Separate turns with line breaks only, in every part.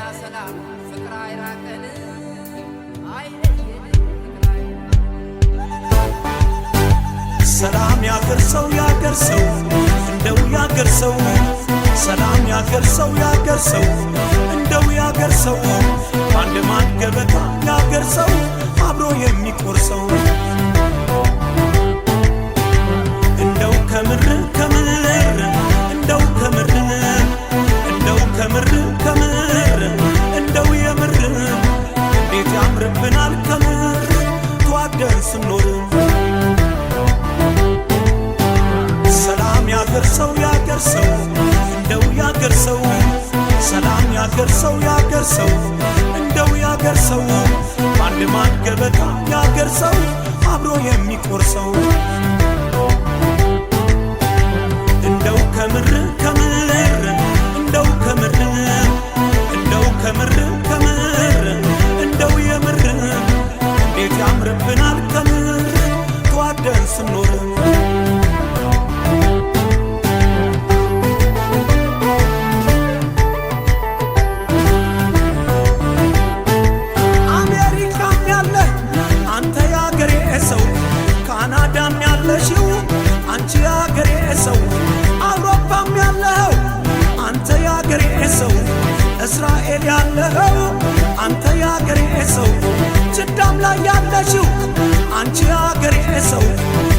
ጤና፣ ሰላም፣ ፍቅር አይራቀን አይለየን። ሰላም ያገር ሰው ያገር ሰው እንደው ያገር ሰው ሰላም ያገር ሰው ያገር ሰው ያገር ሰው ሰላም ያገር ሰው ያገር ሰው እንደው ያገር ሰው ገበታ ያገር ሰው አብሮ የሚቆርሰው እንደው ከምርህ ሰው እስራኤል ያለኸው አንተ ያገሬ ሰው ጅዳም ላይ ያለሽው አንቺ ያገሬ ሰው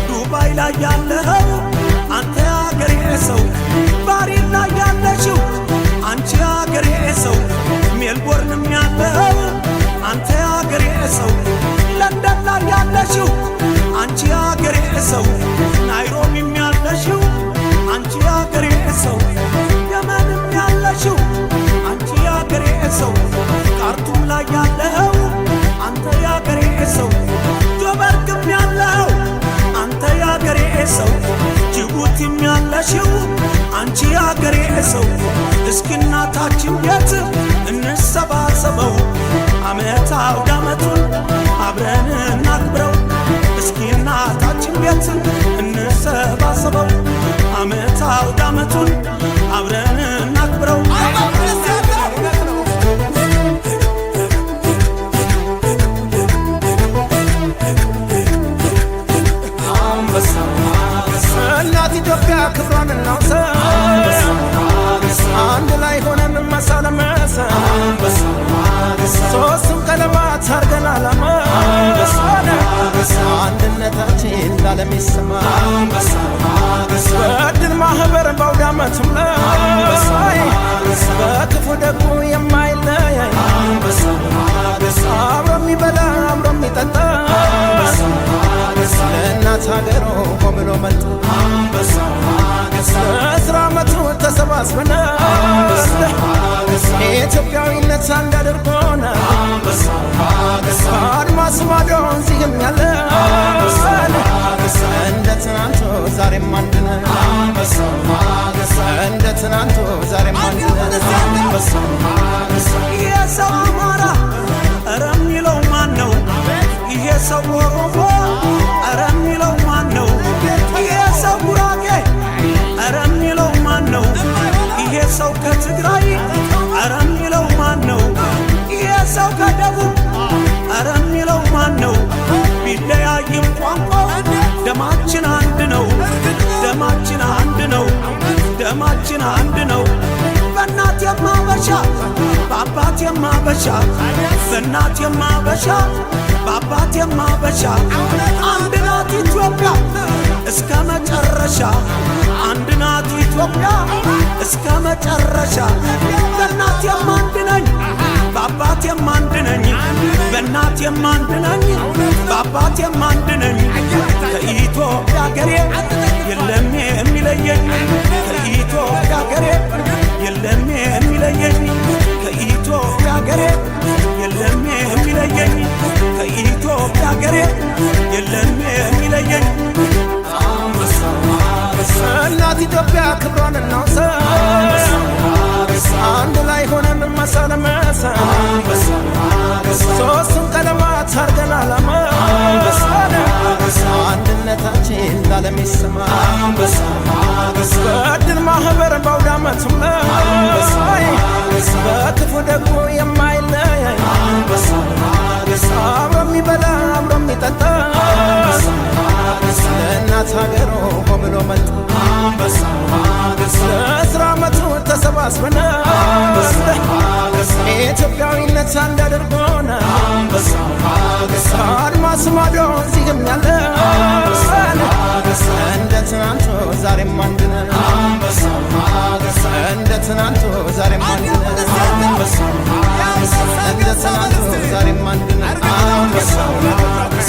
ዱባይ ላይ ያለኸው አንተ ያገሬ ሰው ባሪን ላይ ያለሽው አንቺ ያገሬ ሰው ሜልቦርንም ያለኸው አንተ ያገሬ ሰው ለንደን ላይ ያለሽው አንቺ ያገሬ ሰው so
ቁመቱም ላይ በክፉ ደጉ የማይለይ አብሮ የሚበላ አብሮ የሚጠጣ ለእናት ሀገሩ ቆብሎ መጡ ለአስራ ዓመቱ ተሰባስበናል ኢትዮጵያዊነት አንድ አድርጎና አድማስ ማዶ እዚህም ያለ እንደ ትናንቱ ዛሬም አንድነ ይሄ ሰው አማራ እረ ሚለው ማን ነው? ይሄ ሰው ኦሮሞ እረ ሚለው ማን ነው? ይሄ ሰው ጉራጌ እረ ሚለው ማን ነው? ይሄ ሰው ከትግራይ እረ ሚለው ማን ነው? ይሄ ሰው ከደቡብ እረ ሚለው ማን ነው? ቋንቋ ደማችን አንድ ነው። ደማችን አንድ ነው። ደማችን አንድ ነው። የማበሻ በአባት የማበሻ በእናት የማበሻ በአባት የማበሻ አንድ ናት ኢትዮጵያ እስከ መጨረሻ አንድ ናት ኢትዮጵያ እስከ መጨረሻ በእናት የማንድ ነኝ በአባት የማንድ ነኝ በእናት የማንድነኝ ነኝ በአባት የማንድ ከኢትዮጵያ ሀገሬ የለም የሚለየኝ ከኢትዮጵያ ገሬ። በድል ማህበር በአውዳመት ላይ በክፉ ደግሞ የማይለይ አብሮ የሚበላ አብሮ የሚጠጣ ለእናት ሀገር ቆ ብሎ መጣ ለአስራ ዓመቱ ተሰባስበን ኢትዮጵያዊነት አንድ አድርጎነ እንደ ትናንቱ ዛሬም አንድ ነን እንደ ትናንቱ ዛሬም እንደ ትናንቱ ዛሬም አንድ ነን